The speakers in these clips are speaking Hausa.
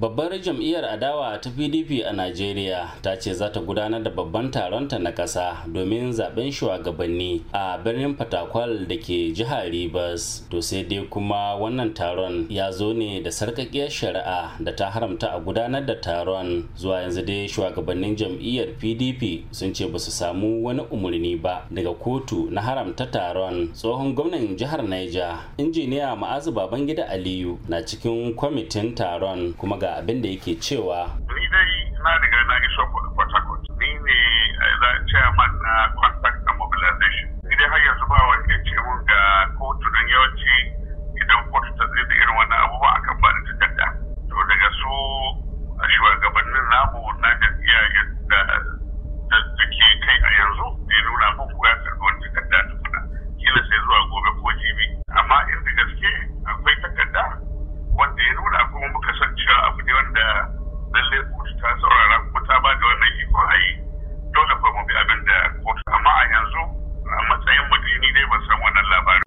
babbar jam'iyyar adawa ta pdp a najeriya ta ce za ta gudanar da babban taronta na ƙasa domin zaben shugabanni a birnin fatakwal da ke jihar rivers to sai dai kuma wannan taron ya zo ne da sarkakiyar shari'a da ta haramta a gudanar da taron zuwa yanzu dai shugabannin jam'iyyar pdp sun ce ba su samu wani umarni ba daga kotu na haramta taron tsohon gwamnan jihar niger injiniya ma'azu babangida aliyu na cikin kwamitin taron kuma ga abin da yake cewa ni dai na riga na iso kwata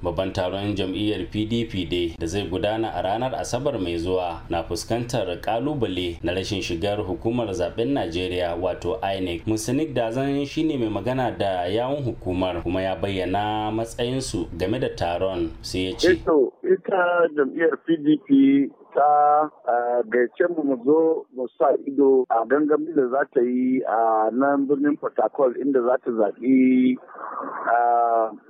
babban taron jam'iyyar pdp dai da zai gudana a ranar asabar mai zuwa na fuskantar kalubale na rashin shigar hukumar zaben najeriya wato inec musanik dazan shine mai magana da yawun hukumar kuma ya bayyana matsayinsu game da taron sai ya ce eh ita jam'iyyar pdp ta gaice mu mu zo mu sa ido a gangamin da za ta yi a nan birnin Port inda za ta zaɓi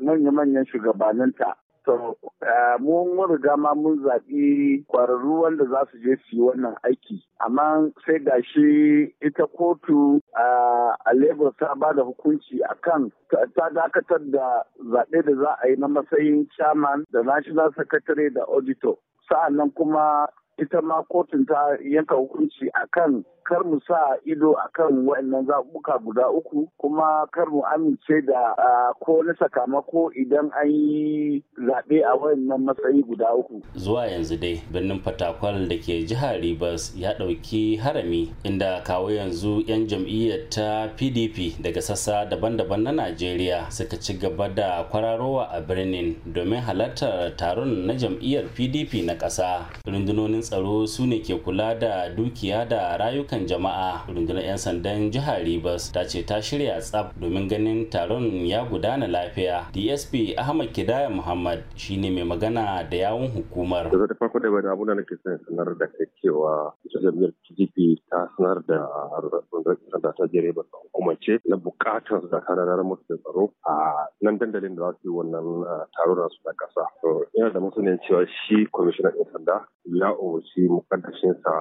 manya-manyan shugabaninta. to eh, mun riga ma mun zaɓi ƙwararru wanda za su je su yi wannan aiki amma sai gashi ita kotu eh, a Lagos ta ba da hukunci akan ta dakatar da zaɓe da za a yi na matsayin chairman da national secretary da auditor sa'annan kuma ita ma kotun ta yanka hukunci akan kar mu sa ido akan wa'annan zaɓuka guda uku kuma kar mu amince da ko na sakamako idan an yi zaɓe a wa'annan matsayi guda uku. Zuwa yanzu dai birnin Fatakwal da ke jihar Ribas, ya ɗauki harami inda kawo yanzu 'yan jam'iyyar ta PDP daga sassa daban-daban na Najeriya suka ci gaba da kwararowa a birnin domin halartar taron na jam'iyyar PDP na ƙasa. Rundunonin tsaro su ne ke kula da dukiya da rayukan jama'a rundunar 'yan sandan jihar rivers ta ce ta shirya tsaf domin ganin taron ya gudana lafiya dsp ahmad kidaya muhammad shine mai magana da yawun hukumar da farko da wani abu da nake son sanar da kai cewa jami'ar ta sanar da rundunar 'yan sanda ta jihar rivers umarce na bukatar da kanarar musu da tsaro a nan dandalin da za su yi wannan eh, taro na su na kasa. ina da masaniyar cewa shi kwamishinan 'yan sanda ya shi mukaddashinsa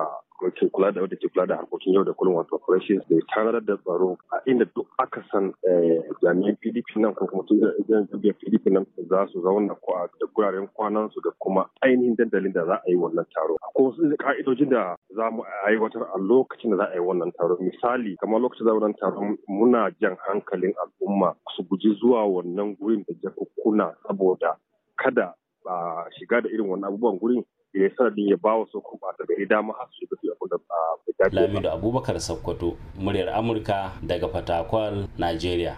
ke kula da wadda kula da harkokin yau da kullum wato operations da tanadar da tsaro a inda duk aka san eh, jami'an PDP nan ko kuma eh, jami'an PDP nan za su zauna ko da guraren kwanan su da kuma ainihin dandalin da za a yi wannan taro. Ko ka'idojin da za mu aiwatar a lokacin da za a yi wannan taro misali kamar lokacin da wannan taron muna jan hankalin al'umma su guji zuwa wannan gurin da jakukuna saboda kada a shiga da irin wannan abubuwan gurin ya yi sanadin ya ba wasu kuma daga gari dama har su shiga su abin da ba Lamido Abubakar Sokoto, muryar Amurka daga Fatakwal, Najeriya.